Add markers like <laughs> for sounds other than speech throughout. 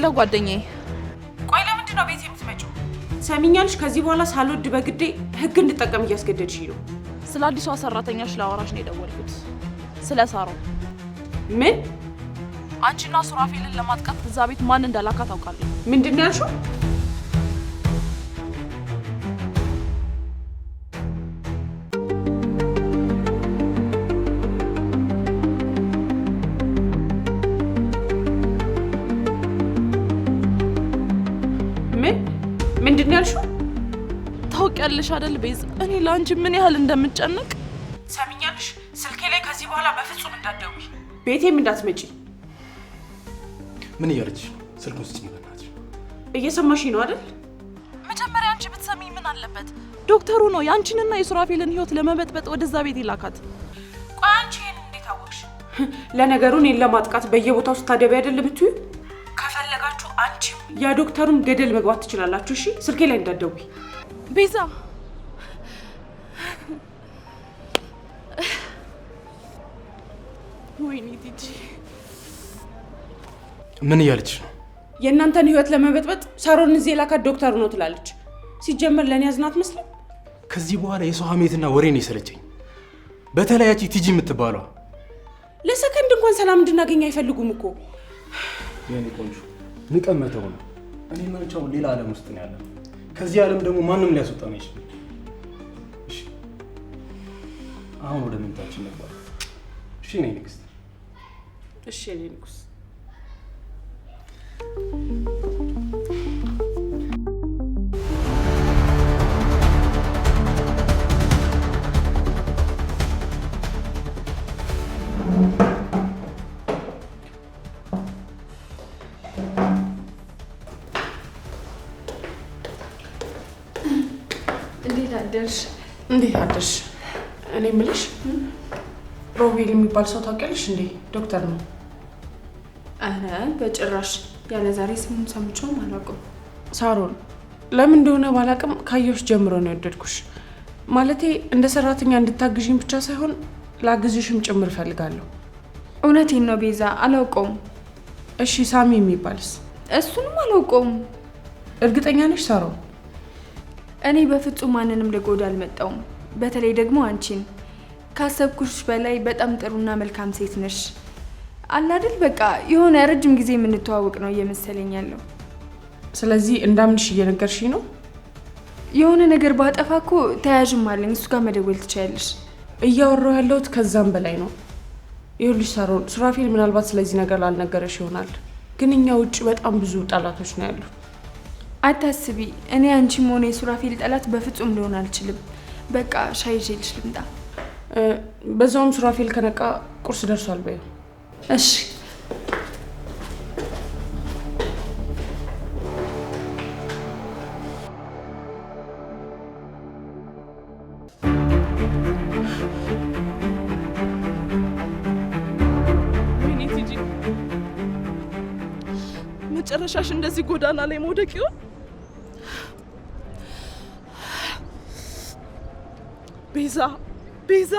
የሌለው ጓደኛዬ። ቆይ ለምንድን ነው ቤት የምትመጪው? ሰሚኛልሽ። ከዚህ በኋላ ሳልወድ በግዴ ህግ እንድጠቀም እያስገደድሽኝ ነው። ስለ አዲሷ ሰራተኛሽ ለአወራሽ ነው የደወልኩት፣ ስለ ሳሮ። ምን? አንቺና ሱራፌልን ለማጥቃት እዛ ቤት ማን እንዳላካ ታውቃለህ? ምንድን ነው ታውቂያለሽ አደል ቤዝ፣ እኔ ለአንቺ ምን ያህል እንደምጨነቅ ሰሚኛልሽ። ስልኬ ላይ ከዚህ በኋላ በፍጹም እንዳትደውይ፣ ቤቴም እንዳትመጪ። ምን እያለች ስልኩን ስጭኝ፣ በእናትሽ እየሰማሽ ነው አደል? መጀመሪያ አንቺ ብትሰሚ ምን አለበት? ዶክተሩ ነው የአንቺንና የሱራፌልን ህይወት ለመበጥበጥ ወደዛ ቤት ይላካት። ቆይ አንቺ ይህን እንዴት አወቅሽ? <laughs> ለነገሩ እኔን ለማጥቃት በየቦታው ስታደቢ አደል ብትዩ ከፈለጋችሁ አንቺም የዶክተሩን ገደል መግባት ትችላላችሁ። እሺ ስልኬ ላይ እንዳትደውይ። ቤዛ ወይኔ ቲጂ ምን እያለች ነው? የእናንተን ህይወት ለመበጥበጥ ሳሮን እዚህ የላካት ዶክተሩ ነው ትላለች። ሲጀመር ለእኔ ያዝናት መስለም። ከዚህ በኋላ የሰው ሀሜትና ወሬ ነው የሰለቸኝ። በተለያች ቲጂ የምትባሏ ለሰከንድ እንኳን ሰላም እንድናገኝ አይፈልጉም እኮ የኔ ቆንጆ። ንቀመተው ነው እኔ ሌላ ዓለም ውስጥ ነው ያለ ከዚህ ዓለም ደግሞ ማንም ሊያስወጣን አይችልም። አሁን ወደ ምንታችን ነበር። እሺ ነኝ ንግስት። እሺ ነኝ ንጉስ። እንዴት አደርሽ? እንዴት አደርሽ? እኔ የምልሽ ሮቤል የሚባል ሰው ታውቂያለሽ እንዴ? ዶክተር ነው። አረ በጭራሽ ያለ ዛሬ ስሙን ሰምቼውም አላውቅም። ሳሮን ለምን እንደሆነ ባላውቅም ካየሁሽ ጀምሮ ነው የወደድኩሽ። ማለቴ እንደ ሰራተኛ እንድታግዥኝ ብቻ ሳይሆን ላግዝሽም ጭምር እፈልጋለሁ። እውነቴን ነው ቤዛ፣ አላውቀውም። እሺ ሳሚ የሚባልስ? እሱንም አላውቀውም። እርግጠኛ ነሽ ሳሮን? እኔ በፍጹም ማንንም ልጎዳ አልመጣውም። በተለይ ደግሞ አንቺን ካሰብኩሽ በላይ በጣም ጥሩና መልካም ሴት ነሽ። አላድል በቃ የሆነ ረጅም ጊዜ የምንተዋወቅ ነው እየመሰለኝ ያለው። ስለዚህ እንዳምንሽ እየነገርሽ ነው። የሆነ ነገር ባጠፋ እኮ ተያዥም አለኝ፣ እሱ ጋር መደወል ትችያለሽ። እያወራሁ ያለሁት ከዛም በላይ ነው። ይኸውልሽ ሳሮን፣ ሱራፌል ምናልባት ስለዚህ ነገር ላልነገረሽ ይሆናል፣ ግን እኛ ውጭ በጣም ብዙ ጠላቶች ነው ያሉት አታስቢ። እኔ አንቺም የሱራ የሱራፌል ጠላት በፍጹም ሊሆን አልችልም። በቃ ሻይ ይዤልሽ ልምጣ። በዛውም ሱራፌል ከነቃ ቁርስ ደርሷል በይው። እሺ መጨረሻሽ እንደዚህ ጎዳና ላይ መውደቅ ይሆን? ቤዛ ቤዛ፣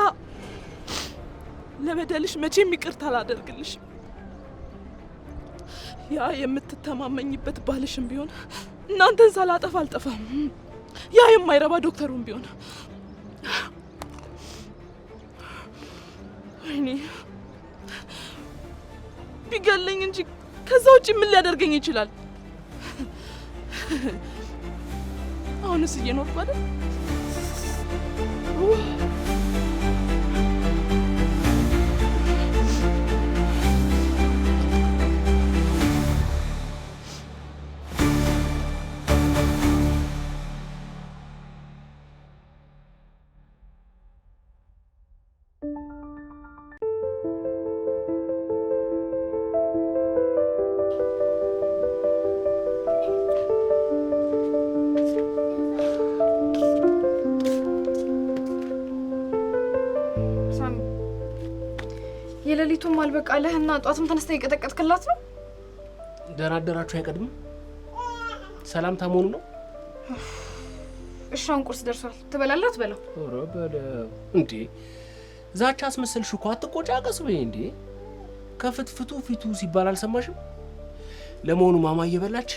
ለበደልሽ መቼም ይቅርታ አላደርግልሽ ያ የምትተማመኝበት ባልሽም ቢሆን እናንተን ሳላጠፋ አልጠፋም። ያ የማይረባ ዶክተሩም ቢሆን ወይኔ ቢገለኝ እንጂ ከዛ ውጭ ምን ሊያደርገኝ ይችላል? አሁንስ እየኖርኩ አይደል? Ooh. በቃልህና ጧትም ተነስተ የቀጠቀጥክላት ነው። ደራደራችሁ አይቀድምም? ሰላምታ መሆኑ ነው። እሻውን ቁርስ ደርሷል። ትበላለህ? አትበላው? ኧረ እንዴ! ዛቻ አስመሰልሽ እኮ አትቆጫቀስ በይ እንዴ! ከፍትፍቱ ፊቱ ሲባል አልሰማሽም? ለመሆኑ ማማ እየበላች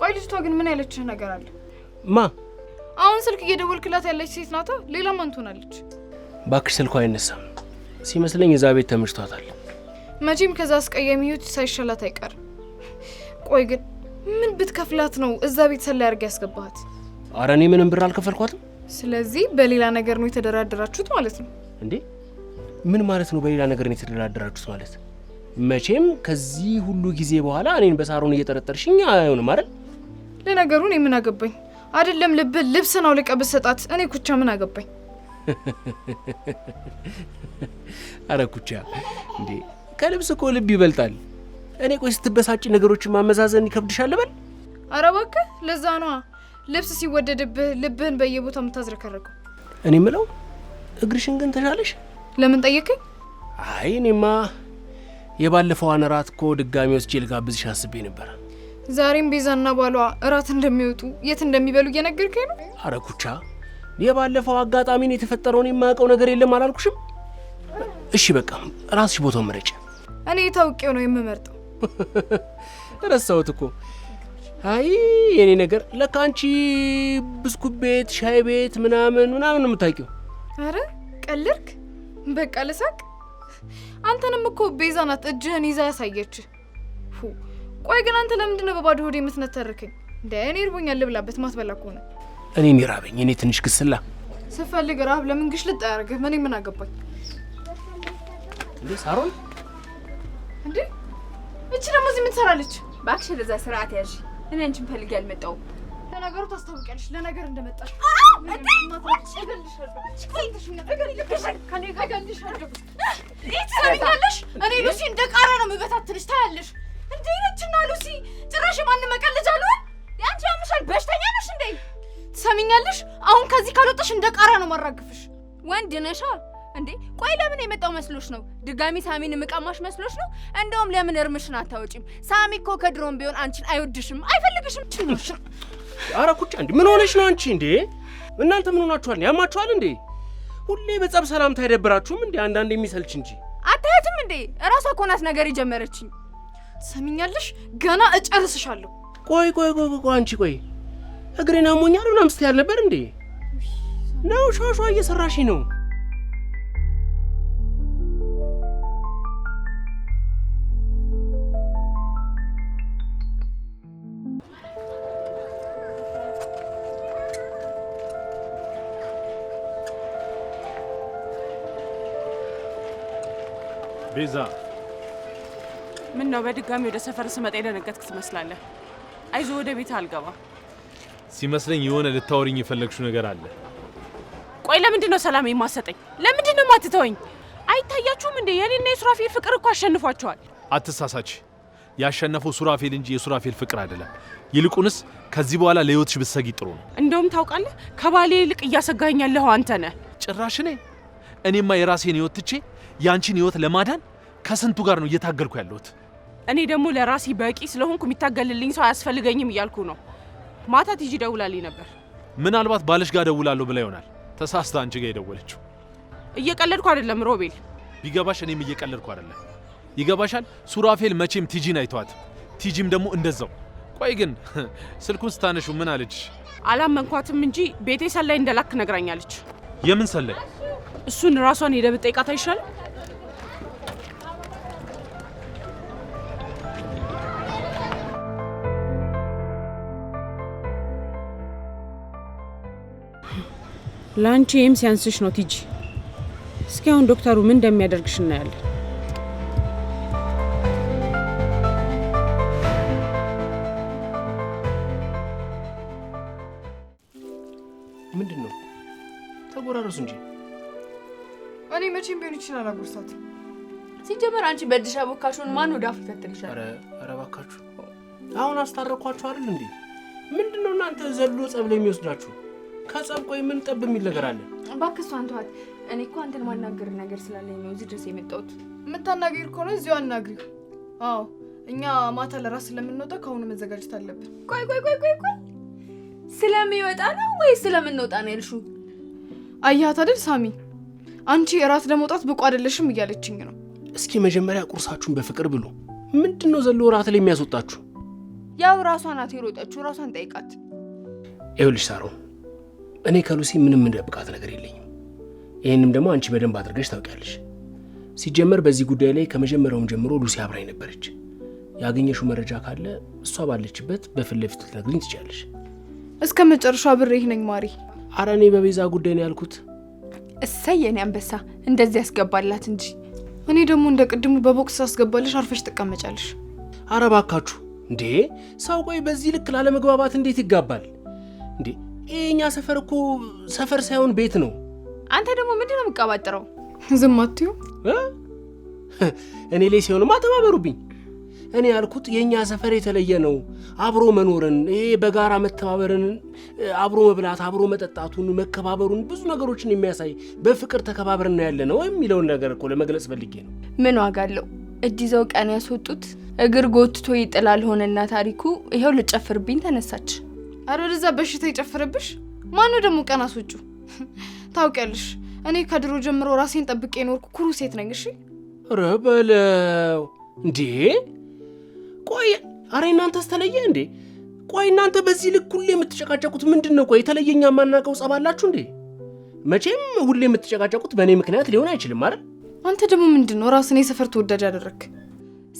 ቆይ፣ ልጅቷ ግን ምን ያለችህ ነገር አለ? ማ አሁን ስልክ እየደወልክላት ያለች ሴት ናታ። ሌላ ማን ትሆናለች? ባክሽ ስልኳ አይነሳም ሲመስለኝ፣ እዛ ቤት ተመችቷታል። መቼም ከዛ አስቀያሚ ህይወት ሳይሻላት አይቀርም። ቆይ ግን ምን ብትከፍላት ነው እዛ ቤት ሰላይ አድርጋ ያስገባት? አረ እኔ ምንም ብር አልከፈልኳትም። ስለዚህ በሌላ ነገር ነው የተደራደራችሁት ማለት ነው እንዴ? ምን ማለት ነው በሌላ ነገር ነው የተደራደራችሁት ማለት? መቼም ከዚህ ሁሉ ጊዜ በኋላ እኔን በሳሩን እየጠረጠርሽኝ አይሆንም አይደል? ለነገሩ እኔ ምን አገባኝ? አይደለም ልብ ልብስን አውልቀህ ብትሰጣት እኔ ኩቻ ምን አገባኝ? <laughs> አረ ኩቻ እንዴ ከልብስ እኮ ልብ ይበልጣል። እኔ ቆይ ስትበሳጭ ነገሮችን ማመዛዘን ይከብድሻል በል። አረ እባክህ ለዛ ነዋ ልብስ ሲወደድብህ ልብህን በየቦታው የምታዝረከረቀው። እኔ ምለው እግርሽን ግን ተሻለሽ? ለምን ጠየቅኝ? አይ እኔማ የባለፈዋን እራት እኮ ድጋሚ ወስጄ ልጋብዝሽ አስቤ ነበር። ዛሬም ቤዛና ባሏ እራት እንደሚወጡ የት እንደሚበሉ እየነገርከኝ ነው? አረ ኩቻ የባለፈው አጋጣሚን የተፈጠረውን የማያውቀው ነገር የለም አላልኩሽም? እሺ በቃ ራስሽ ቦታው መረጫ እኔ ታውቂው ነው የምመርጠው። <laughs> ረሳሁት እኮ አይ የኔ ነገር ለካ አንቺ ብስኩት ቤት፣ ሻይ ቤት ምናምን ምናምን ነው የምታውቂው። አረ ቀልርክ። በቃ ልሳቅ። አንተንም እኮ ቤዛ ናት እጅህን ይዛ ያሳየች። ቆይ ግን አንተ ለምንድን ነው በባዶ ሆድ የምትነተርከኝ? እንደ እኔ እርቦኛል ልብላበት። ማትበላ ከሆነ እኔ ራበኝ። እኔ ትንሽ ክስላ ስፈልግ ረሀብ ለምን ግሽ ልጣ ያደርግህ? እኔ ምን አገባኝ ሳሮን እንዴ እቺ ደግሞ እዚህ ምን ትሰራለች? እባክሽ ለዛ ስርዓት ያዥ። እኔ አንቺን ፈልጌ አልመጣሁም። ለነገሩ ታስታውቂያለሽ፣ ለነገር እንደመጣሽ ትሰሚኛለሽ። እኔ ሉሲ እንደ ቃራ ነው የምበታትልሽ። ታያለሽ እንዴ ነችና ሉሲ ጭራሽ ማን መቀለጃ አልሆን አንቺ ያምሻል። በሽተኛ ነሽ እንዴ? ትሰሚኛለሽ? አሁን ከዚህ ካልወጣሽ እንደ ቃራ ነው ማራግፍሽ። ወንድ ነሻ እንዴ ቆይ ለምን የመጣው መስሎሽ ነው? ድጋሚ ሳሚን ምቀማሽ መስሎሽ ነው? እንደውም ለምን እርምሽን አታወጪም? ሳሚ እኮ ከድሮም ቢሆን አንቺን አይወድሽም፣ አይፈልግሽም። ችኖሽ አረ ኩቻ እንዴ ምን ሆነሽ ነው አንቺ? እንዴ እናንተ ምን ሆናችኋል? ያማችኋል እንዴ? ሁሌ በጸብ ሰላምታ አይደብራችሁም እንዴ? አንዳንድ የሚሰልች እንጂ አታያትም እንዴ? እራሷ እኮ ናት ነገር የጀመረችኝ። ሰሚኛለሽ? ገና እጨርስሻለሁ። ቆይ ቆይ ቆይ ቆይ አንቺ ቆይ እግሬን አሞኛል ምናምን ስትይ አልነበር እንዴ? ነው ሿሿ እየሰራሽ ነው ቤዛ ምን ነው በድጋሚ ወደ ሰፈር ስመጣ የደነገጥክ ትመስላለህ። አይዞ ወደ ቤት አልገባ ሲመስለኝ የሆነ ልታወሪኝ የፈለግሽው ነገር አለ። ቆይ ለምንድን ነው ሰላም የማሰጠኝ? ለምንድን ነው ማትተወኝ? አይታያችሁም እንዴ የኔና የሱራፌል ፍቅር እኮ አሸንፏቸዋል። አትሳሳች። ያሸነፈው ሱራፌል እንጂ የሱራፌል ፍቅር አይደለም። ይልቁንስ ከዚህ በኋላ ለህይወትሽ ብትሰጊ ጥሩ ነው። እንደውም ታውቃለህ፣ ከባሌ ይልቅ እያሰጋኝ ያለሁ አንተ ነህ። ጭራሽ እኔ እኔማ የራሴን ህይወት ትቼ የአንቺን ህይወት ለማዳን ከስንቱ ጋር ነው እየታገልኩ ያለሁት? እኔ ደግሞ ለራሴ በቂ ስለሆንኩ የሚታገልልኝ ሰው አያስፈልገኝም እያልኩ ነው። ማታ ቲጂ ደውላልኝ ነበር። ምናልባት ባለሽ ጋር ደውላለሁ ብላ ይሆናል። ተሳስታ አንቺ ጋር የደወለችው። እየቀለድኩ አይደለም ሮቤል፣ ቢገባሽ። እኔም እየቀለድኩ አይደለም። ይገባሻል። ሱራፌል መቼም ቲጂን አይተዋት፣ ቲጂም ደግሞ እንደዛው። ቆይ ግን <laughs> ስልኩን ስታነሹ ምን አለች? አላመንኳትም እንጂ ቤቴ ሰላይ እንደላክ ነግራኛለች። የምን ሰላይ? እሱን ራሷን ሄደህ ብትጠይቃት አይሻልም? ለአንቺ ይህም ሲያንስሽ ነው ቲጂ። እስኪ አሁን ዶክተሩ ምን እንደሚያደርግሽ እናያለን። ምንድን ነው ተጎራረሱ እንጂ እኔ መቼም ቢሆን ይችላል አጎርሳት። ሲጀመር አንቺ በእድሻ ቦካችሁን ማን ወደ አፍ ይከተል ይችላል? ኧረ እባካችሁ አሁን አስታረኳችሁ አይደል እንዴ? ምንድን ነው እናንተ ዘሎ ጸብ ላይ የሚወስዳችሁ? ከጸብ ቆይ ምን ጠብ የሚል ነገር አለ? እባክህ እሷን ተዋት። እኔ እኮ አንተን ማናገር ነገር ስላለኝ ነው እዚህ ድረስ የመጣሁት። የምታናገሪ ከሆነ እዚሁ አናግሪው። አዎ እኛ ማታ ለራስ ስለምንወጣ ከአሁኑ መዘጋጀት አለብን። ቆይ ቆይ ቆይ ቆይ ቆይ ስለሚወጣ ነው ወይ ስለምንወጣ ነው ያልሺው? አያት አይደል ሳሚ፣ አንቺ እራት ለመውጣት ብቁ አይደለሽም እያለችኝ ነው። እስኪ መጀመሪያ ቁርሳችሁን በፍቅር ብሉ። ምንድን ነው ዘሎ እራት ላይ የሚያስወጣችሁ? ያው ራሷ ናት የሮጠችሁ። ራሷን ጠይቃት። ይኸውልሽ ሳሮ እኔ ከሉሲ ምንም እንደብቃት ነገር የለኝም። ይህንም ደግሞ አንቺ በደንብ አድርገሽ ታውቂያለሽ። ሲጀመር በዚህ ጉዳይ ላይ ከመጀመሪያውም ጀምሮ ሉሲ አብራኝ ነበረች። ያገኘሽው መረጃ ካለ እሷ ባለችበት በፊት ለፊት ልትነግሪኝ ትችያለሽ። እስከ መጨረሻ ብሬህ ነኝ ማሪ። አረ እኔ በቤዛ ጉዳይ ነው ያልኩት። እሰይ የኔ አንበሳ፣ እንደዚህ ያስገባላት እንጂ እኔ ደግሞ እንደ ቅድሙ በቦክስ አስገባልሽ አርፈሽ ትቀመጫለሽ። አረ ባካችሁ እንዴ! ሰው ቆይ፣ በዚህ ልክ ላለመግባባት እንዴት ይጋባል እንዴ? የእኛ ሰፈር እኮ ሰፈር ሳይሆን ቤት ነው። አንተ ደግሞ ምንድን ነው የምቀባጥረው? ዝም አትዩ። እኔ ላይ ሲሆን ማተባበሩብኝ። እኔ ያልኩት የእኛ ሰፈር የተለየ ነው። አብሮ መኖርን፣ ይሄ በጋራ መተባበርን፣ አብሮ መብላት፣ አብሮ መጠጣቱን፣ መከባበሩን፣ ብዙ ነገሮችን የሚያሳይ በፍቅር ተከባብርን ነው ያለ ነው የሚለውን ነገር እኮ ለመግለጽ ፈልጌ ነው። ምን ዋጋ አለው? እጅ ቀን ያስወጡት እግር ጎትቶ ይጥላል ሆነና ታሪኩ ይኸው ልጨፍርብኝ ተነሳች። አረ ወደዛ በሽታ የጨፈረብሽ ማን ነው ደግሞ? ቀና ሶጩ ታውቂያለሽ፣ እኔ ከድሮ ጀምሮ ራሴን ጠብቄ የኖርኩ ኩሩ ሴት ነኝ። እሺ ኧረ በለው እንዴ! ቆይ አረ እናንተስ ተለየ እንዴ? ቆይ እናንተ በዚህ ልክ ሁሌ የምትጨቃጨቁት ምንድን ነው? ቆይ የተለየኛ ማናቀው ጸብ እንዴ? መቼም ሁሌ የምትጨቃጨቁት በእኔ ምክንያት ሊሆን አይችልም አረ አንተ ደግሞ ምንድን ነው ራስን የሰፈር ተወዳጅ ያደረግክ?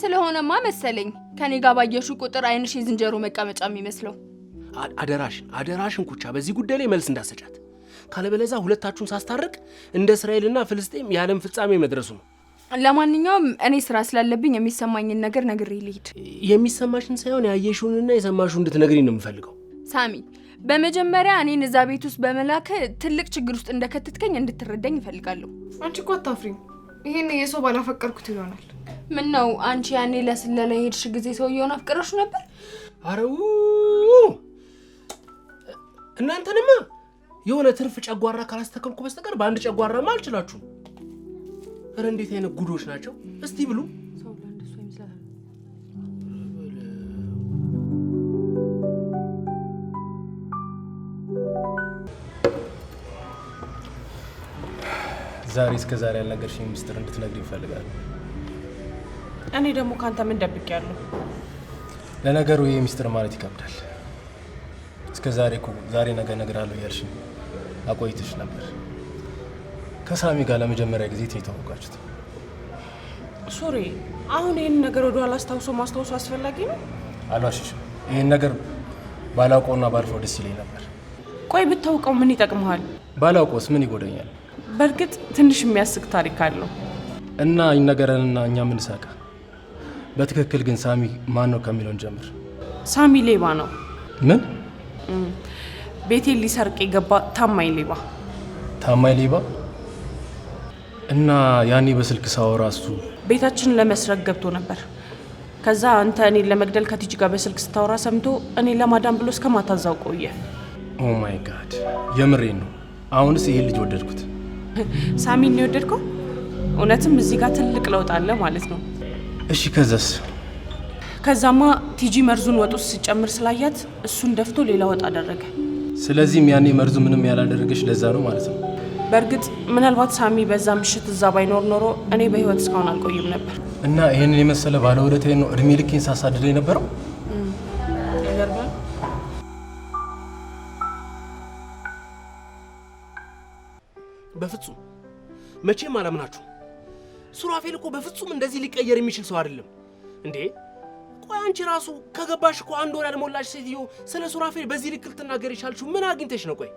ስለሆነማ መሰለኝ ከኔ ጋር ባየሹ ቁጥር አይንሽ የዝንጀሮ መቀመጫ የሚመስለው አደራሽን አደራሽን ኩቻ በዚህ ጉዳይ ላይ መልስ እንዳሰጫት ካለበለዛ ሁለታችሁን ሳስታርቅ እንደ እስራኤልና ፍልስጤም የዓለም ፍጻሜ መድረሱ ነው። ለማንኛውም እኔ ስራ ስላለብኝ የሚሰማኝን ነገር ነግሬ ልሂድ። የሚሰማሽን ሳይሆን ያየሽውንና የሰማሽውን እንድትነግሪኝ ነው የምፈልገው። ሳሚ፣ በመጀመሪያ እኔን እዛ ቤት ውስጥ በመላክ ትልቅ ችግር ውስጥ እንደከትትከኝ እንድትረዳኝ እፈልጋለሁ። አንቺ እኮ አታፍሪም። ይህን የሰው ባላፈቀርኩት ይሆናል። ምን ነው አንቺ ያኔ ለስለላ ሄድሽ ጊዜ ሰውየውን አፍቅረሽ ነበር? አረው እናንተንማ የሆነ ትርፍ ጨጓራ ካላስተከልኩ በስተቀር በአንድ ጨጓራማ አልችላችሁም። እረ እንዴት አይነት ጉዶች ናቸው! እስቲ ብሉ። ዛሬ እስከ ዛሬ ያልነገርሽኝ ሚስጥር እንድትነግሪኝ እፈልጋለሁ። እኔ ደግሞ ከአንተ ምን ደብቄያለሁ? ለነገሩ ይሄ ሚስጥር ማለት ይከብዳል። እስከ ዛሬ እኮ ዛሬ ነገ እነግርሃለሁ እያልሽ አቆይተሽ ነበር። ከሳሚ ጋር ለመጀመሪያ ጊዜ የተዋወቃችሁት? ሱሪ፣ አሁን ይህን ነገር ወደ ኋላ አስታውሶ ማስታወሱ አስፈላጊ ነው። አልዋሽሽም። ይህን ነገር ባላውቀውና ባልፈው ደስ ይለኝ ነበር። ቆይ ብታውቀው ምን ይጠቅመሃል? ባላውቀውስ ምን ይጎደኛል? በእርግጥ ትንሽ የሚያስቅ ታሪክ አለው እና ይነገረንና እኛ ምን በትክክል ግን ሳሚ ማን ነው ከሚለውን ጀምር። ሳሚ ሌባ ነው። ምን ቤቴን ሊሰርቅ የገባ ታማኝ ሌባ። ታማኝ ሌባ እና ያኔ በስልክ ሳወራ እሱ ቤታችንን ለመስረቅ ገብቶ ነበር። ከዛ አንተ እኔን ለመግደል ከቲጂ ጋር በስልክ ስታወራ ሰምቶ እኔ ለማዳን ብሎ እስከ ማታዛው ቆየ። ኦ ማይ ጋድ! የምሬን ነው። አሁንስ ይሄን ልጅ ወደድኩት። ሳሚን ነው የወደድከው? እውነትም እዚህ ጋር ትልቅ ለውጥ አለ ማለት ነው። እሺ ከዛስ? ከዛማ ቲጂ መርዙን ወጥ ውስጥ ስጨምር ስላያት እሱን ደፍቶ ሌላ ወጥ አደረገ። ስለዚህም ያኔ መርዙ ምንም ያላደረገች ለዛ ነው ማለት ነው። በእርግጥ ምናልባት ሳሚ በዛ ምሽት እዛ ባይኖር ኖሮ እኔ በህይወት እስካሁን አልቆይም ነበር። እና ይህንን የመሰለ ባለውለታ ነው እድሜ ልኬን ሳሳድድ የነበረው። በፍጹም መቼም አላምናችሁ። ሱራፌል እኮ በፍጹም እንደዚህ ሊቀየር የሚችል ሰው አይደለም እንዴ ቆይ አንቺ ራሱ ከገባሽ እኮ አንድ ወር ያልሞላሽ ሴትዮ ስለ ሱራፌል በዚህ ልክ ልትናገር የቻልሽው ምን አግኝተሽ ነው? ቆይ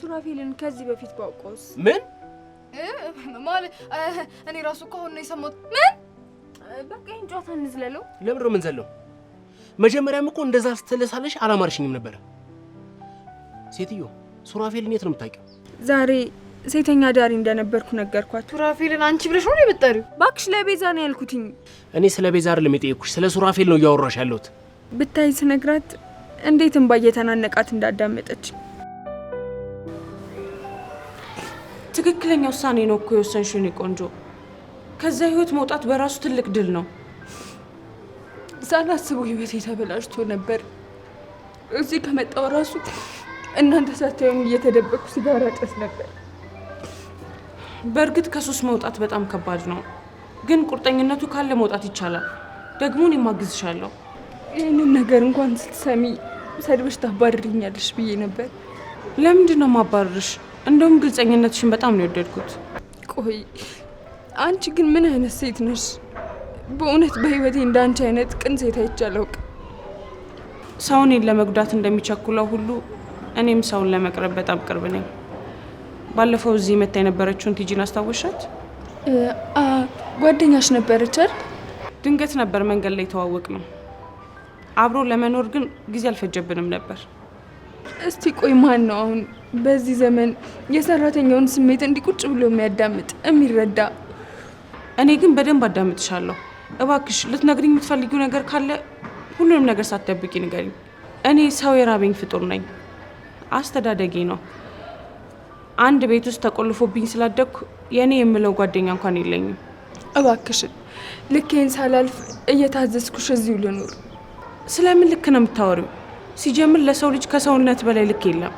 ሱራፌልን ከዚህ በፊት ባውቀውስ? ምን ማለት እኔ ራሱ እኮ አሁን ነው የሰማሁት። ምን በቃ ይህን ጨዋታ እንዝለለው። ለምንድን ምን ዘለው? መጀመሪያም እኮ እንደዛ ስትለሳለሽ አላማርሽኝም ነበረ። ሴትዮ ሱራፌልን የት ነው የምታውቂው? ዛሬ ሴተኛ ዳሪ እንደነበርኩ ነገርኳት። ሱራፌልን አንቺ ብለሽ ነው የምጠሪው? እባክሽ ለቤዛ ነው ያልኩትኝ። እኔ ስለ ቤዛ አይደለም የጠየኩሽ፣ ስለ ሱራፌል ነው እያወራሽ ያለሁት። ብታይ ስነግራት እንዴት እንባ እየተናነቃት እንዳዳመጠች። ትክክለኛ ውሳኔ ነው እኮ የወሰንሽው የኔ ቆንጆ። ከዛ ህይወት መውጣት በራሱ ትልቅ ድል ነው። ሳላስበው ህይወት የተበላሽቶ ነበር። እዚህ ከመጣው ራሱ እናንተ ሳታዩኝ እየተደበቅኩ ሲጋራ ጨስ ነበር። በእርግጥ ከሱስ መውጣት በጣም ከባድ ነው፣ ግን ቁርጠኝነቱ ካለ መውጣት ይቻላል። ደግሞ እኔም አግዝሻለሁ። ይህንን ነገር እንኳን ስትሰሚ ሰድበሽ ታባርርኛለሽ ብዬ ነበር። ለምንድን ነው ማባረርሽ? እንደውም ግልጸኝነትሽን በጣም ነው የወደድኩት። ቆይ አንቺ ግን ምን አይነት ሴት ነሽ? በእውነት በህይወቴ እንደ አንቺ አይነት ቅን ሴት አይቼ አላውቅም። ሰው ለመጉዳት እንደሚቸኩለው ሁሉ እኔም ሰውን ለመቅረብ በጣም ቅርብ ነኝ። ባለፈው እዚህ መታ የነበረችውን ቲጂን አስታወሻት? ጓደኛሽ ነበረች ድንገት ነበር መንገድ ላይ የተዋወቅ ነው። አብሮ ለመኖር ግን ጊዜ አልፈጀብንም ነበር። እስቲ ቆይ ማን ነው አሁን በዚህ ዘመን የሰራተኛውን ስሜት እንዲቁጭ ብሎ የሚያዳምጥ የሚረዳ? እኔ ግን በደንብ አዳምጥሻለሁ። እባክሽ ልትነግሪኝ የምትፈልጊው ነገር ካለ ሁሉንም ነገር ሳትደብቂ ንገሪኝ። እኔ ሰው የራበኝ ፍጡር ነኝ። አስተዳደጌ ነው አንድ ቤት ውስጥ ተቆልፎብኝ ስላደግኩ የእኔ የምለው ጓደኛ እንኳን የለኝም። እባክሽን ልኬን ሳላልፍ እየታዘዝኩሽ እዚሁ ልኑር። ስለምን ልክ ነው የምታወሪው? ሲጀምር ለሰው ልጅ ከሰውነት በላይ ልክ የለም።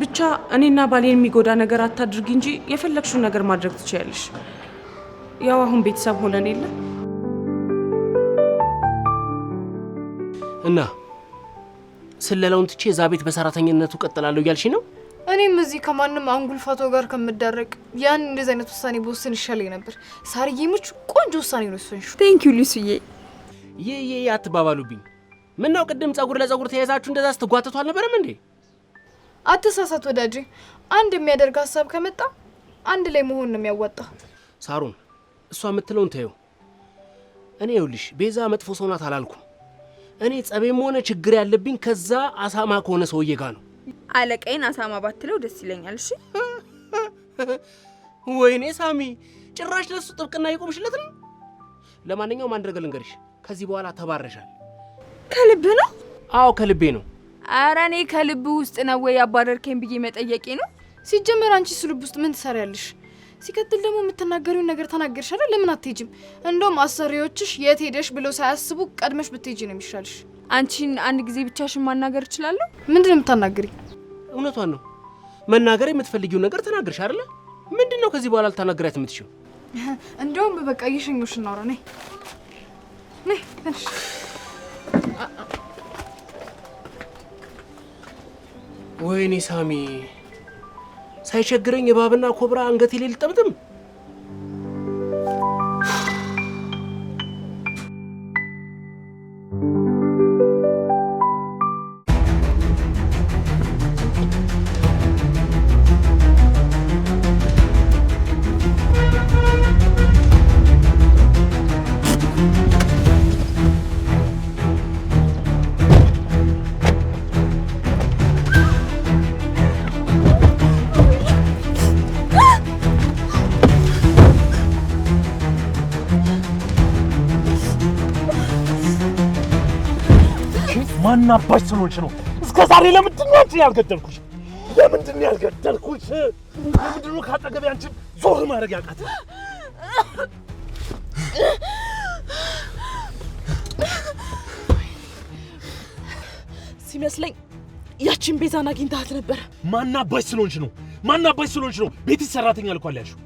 ብቻ እኔና ባሌን የሚጎዳ ነገር አታድርጊ እንጂ የፈለግሽውን ነገር ማድረግ ትችያለሽ። ያው አሁን ቤተሰብ ሆነን የለ እና ስለለውን ትቼ እዛ ቤት በሰራተኝነቱ ቀጥላለሁ እያልሽ ነው? እኔም እዚህ ከማንም አንጉልፋቶ ጋር ከምዳረቅ ያን እንደዚህ አይነት ውሳኔ በወስን ይሻለኝ ነበር። ሳርዬ ምች ቆንጆ ውሳኔ ነው ወሰንሽ። ቴንክ ዩ ሊሱዬ። ይህ ይህ አትባባሉብኝ። ምን ነው ቅድም ጸጉር ለጸጉር ተያይዛችሁ እንደዛ ስትጓተቱ አልነበረም እንዴ? አትሳሳት ወዳጄ። አንድ የሚያደርግ ሀሳብ ከመጣ አንድ ላይ መሆን ነው የሚያዋጣ። ሳሩን እሷ የምትለውን ተየው። እኔ ይኸውልሽ ቤዛ መጥፎ ሰው ናት አላልኩም። እኔ ጸቤም ሆነ ችግር ያለብኝ ከዛ አሳማ ከሆነ ሰውዬ ጋር ነው አለቀይን አሳማ ባትለው ደስ ይለኛል። እሺ <laughs> ወይኔ ሳሚ፣ ጭራሽ ለሱ ጥብቅና የቆምሽለት ነው። ለማንኛውም አንድ ነገር ልንገርሽ፣ ከዚህ በኋላ ተባረሻል። ከልብ ነው? አዎ ከልቤ ነው። አረ እኔ ከልብ ውስጥ ነው ወይ አባረርከኝ ብዬ መጠየቄ ነው። ሲጀመር አንቺስ ልብ ውስጥ ምን ትሰሪያለሽ? ሲከትል ደግሞ የምትናገሪውን ነገር ተናገርሽ አይደል? ለምን አትሄጂም? እንደውም አሰሪዎችሽ የት ሄደሽ ብለው ሳያስቡ ቀድመሽ ብትሄጂ ነው የሚሻልሽ። አንቺን አንድ ጊዜ ብቻሽን ማናገር እችላለሁ? ምንድን ነው የምታናግሪኝ? እውነቷን ነው። መናገር የምትፈልጊውን ነገር ተናግርሽ አይደለ? ምንድን ነው ከዚህ በኋላ ልታናግሪያት የምትችይው? <laughs> እንደውም በበቃ እየሸኞሽ እናውራ። ኔ ወይኔ ሳሚ፣ ሳይቸግረኝ የባብና ኮብራ አንገቴ ላይ ምን አባሽ ስለሆንሽ ነው? እስከ ዛሬ ለምንድን ነው አንቺን ያልገደልኩሽ? ለምንድን ነው ያልገደልኩሽ? ለምንድን ነው ከአጠገቤ አንቺን ዞር ማድረግ ያቃት? ሲመስለኝ ያቺን ቤዛን አግኝታት ነበር። ማና አባሽ ስለሆንሽ ነው? ማና አባሽ ስለሆንሽ ነው? ቤት ሰራተኛ ልኳል ያልሽው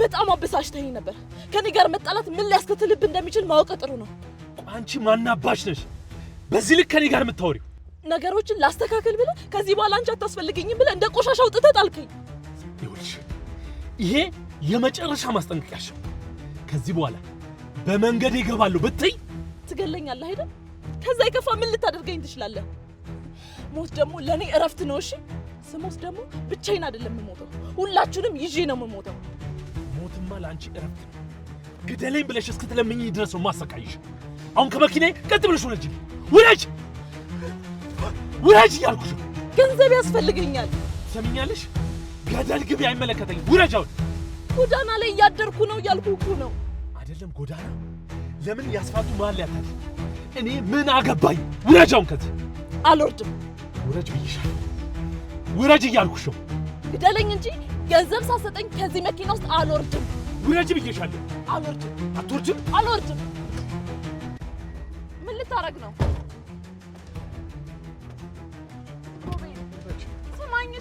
በጣም አበሳጭተኸኝ ነበር። ከኔ ጋር መጣላት ምን ሊያስከትልብ እንደሚችል ማወቅ ጥሩ ነው። አንቺ ማና አባሽ ነሽ? በዚህ ልክ ከኔ ጋር የምታወሪው? ነገሮችን ላስተካከል ብለህ ከዚህ በኋላ አንቺ አታስፈልገኝም ብለህ እንደ ቆሻሻ አውጥተህ ጣልከኝ። ይኸውልሽ ይሄ የመጨረሻ ማስጠንቀቂያሽ። ከዚህ በኋላ በመንገድ ይገባለሁ ብትይ ትገለኛለህ አይደል? ከዛ የከፋ ምን ልታደርገኝ ትችላለህ? ሞት ደግሞ ለእኔ እረፍት ነው። እሺ ስሞት ደግሞ ብቻዬን አይደለም የምሞተው፣ ሁላችሁንም ይዤ ነው የምሞተው። ሞትማ ለአንቺ እረፍት ነው። ግደለኝ ብለሽ እስክትለምኝ ድረስ ነው ማሰቃይሽ። አሁን ከመኪናዬ ቀጥ ብለሽ ወረጅልኝ። ውረጅ ውረጅ እያልኩሽ ገንዘብ ያስፈልገኛል። ሰምኛለሽ? ገደል ግቢ፣ አይመለከተኝ። ውረጅ አሁን። ጎዳና ላይ እያደርኩ ነው እያልኩ እኮ ነው። አይደለም ጎዳና፣ ለምን ያስፋቱ መሀል ያታል? እኔ ምን አገባኝ? ውረጅ አሁን ከዚህ አልወርድም። ውረጅ ብይሻለሁ። ውረጅ እያልኩሽ ነው። ግደለኝ እንጂ ገንዘብ ሳሰጠኝ ከዚህ መኪና ውስጥ አልወርድም። ውረጅ ብይሻለሁ። አልወርድም። አትወርድም? አልወርድም ልታረግ ነው? ሰማኝ።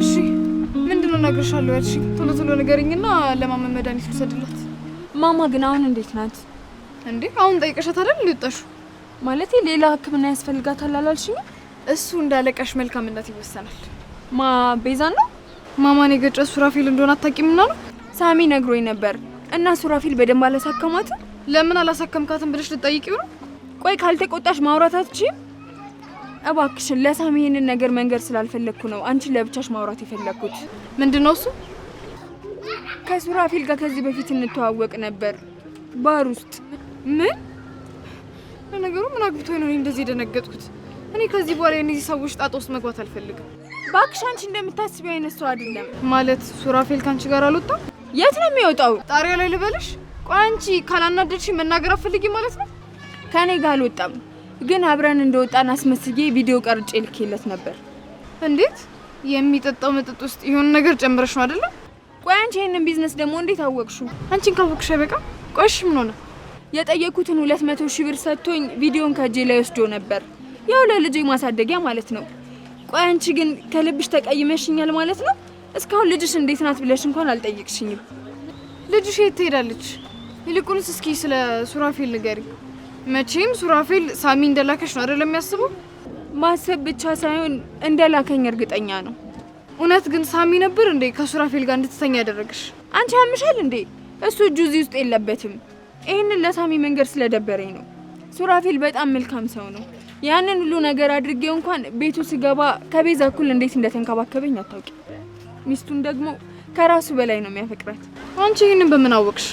እሺ ምንድነው እነግርሻለሁ ያልሽኝ? ቶሎ ቶሎ ንገሪኝና ለማመን መድኃኒት ልውሰድላት። ማማ ግን አሁን እንዴት ናት እንዴ? አሁን ጠይቀሻት አይደል ልወጣሽው? ማለት ሌላ ሕክምና ያስፈልጋታል አላልሽኝም? እሱ እንዳለቀሽ መልካምነት ይወሰናል። ማ ቤዛ ነው ማማን የገጨት ሱራፊል እንደሆነ አታውቂም እና ነው ሳሚ ነግሮኝ ነበር። እና ሱራፊል በደንብ አላሳከማትም። ለምን አላሳከምካትም ብለሽ ልትጠይቂው ነው? ቆይ ካልተቆጣሽ ማውራት አትችይም። እባክሽን ለሳም ይሄንን ነገር መንገድ ስላልፈለግኩ ነው አንቺን ለብቻሽ ማውራት የፈለግኩት። ምንድን ነው እሱ? ከሱራፊል ጋር ከዚህ በፊት እንተዋወቅ ነበር ባር ውስጥ። ምን ለነገሩ ምን አግብቶ ነው እንደዚህ የደነገጥኩት? እኔ ከዚህ በኋላ የእነዚህ ሰዎች ጣጣ ውስጥ መግባት አልፈልግም። እባክሽ አንቺ እንደምታስቢው አይነት ሰው አይደለም። ማለት ሱራፌል ካንቺ ጋር አልወጣም? የት ነው የሚወጣው? ጣሪያ ላይ ልበልሽ? ቆይ አንቺ ካላናደድሽ መናገር አፈልጊ ማለት ነው? ከኔ ጋር አልወጣም፣ ግን አብረን እንደወጣን አስመስዬ ቪዲዮ ቀርጬ ልኬለት ነበር። እንዴት? የሚጠጣው መጠጥ ውስጥ የሆነ ነገር ጨምረሽ ነው አይደለም? ቆይ አንቺ ይህንን ቢዝነስ ደግሞ እንዴት አወቅሹ? አንቺን ካወቅሽ በቃ ቆሽ ምን ሆነ? የጠየኩትን ሁለት መቶ ሺህ ብር ሰጥቶኝ ቪዲዮን ከእጄ ላይ ወስዶ ነበር። ያው ለልጄ ማሳደጊያ ማለት ነው። ቆይ አንቺ ግን ከልብሽ ተቀይመሽኛል ማለት ነው። እስካሁን ልጅሽ እንዴት ናት ብለሽ እንኳን አልጠየቅሽኝም። ልጅሽ የት ትሄዳለች? ይልቁንስ እስኪ ስለ ሱራፌል ንገሪ። መቼም ሱራፌል ሳሚ እንደላከሽ ነው አይደለም የሚያስበው። ማሰብ ብቻ ሳይሆን እንደላከኝ እርግጠኛ ነው። እውነት ግን ሳሚ ነበር እንዴ ከሱራፌል ጋር እንድትተኛ ያደረግሽ? አንቺ ያምሻል እንዴ? እሱ እጁ እዚህ ውስጥ የለበትም። ይህንን ለሳሚ መንገድ ስለደበረኝ ነው። ሱራፌል በጣም መልካም ሰው ነው። ያንን ሁሉ ነገር አድርጌው እንኳን ቤቱ ስገባ ከቤዛ እኩል እንዴት እንደተንከባከበኝ አታውቂ። ሚስቱን ደግሞ ከራሱ በላይ ነው የሚያፈቅራት። አንቺ ይህንን በምን አወቅሽ?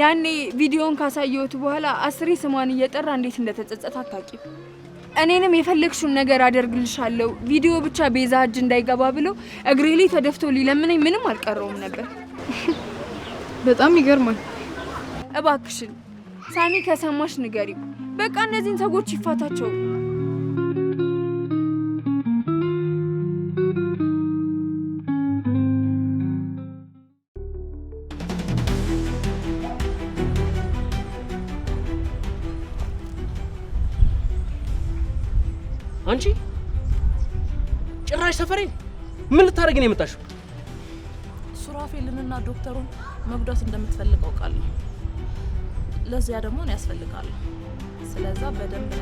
ያኔ ቪዲዮን ካሳየሁት በኋላ አስሬ ስሟን እየጠራ እንዴት እንደተጸጸት አታውቂም። እኔንም የፈለግሽውን ነገር አደርግልሻለሁ ቪዲዮ ብቻ ቤዛ እጅ እንዳይገባ ብለው እግሬ ላይ ተደፍቶ ሊለምነኝ ምንም አልቀረውም ነበር። በጣም ይገርማል። እባክሽን ሳሚ ከሰማሽ ንገሪው። በቃ እነዚህን ሰዎች ይፋታቸው። አንቺ ጭራሽ ሰፈሬ ምን ልታደርግ ነው የመጣሽው? ሱራፌልንና ዶክተሩን መጉዳት እንደምትፈልግ አውቃለሁ። ለዚያ ደግሞ እኔ ያስፈልጋለሁ። ስለዛ በደንብ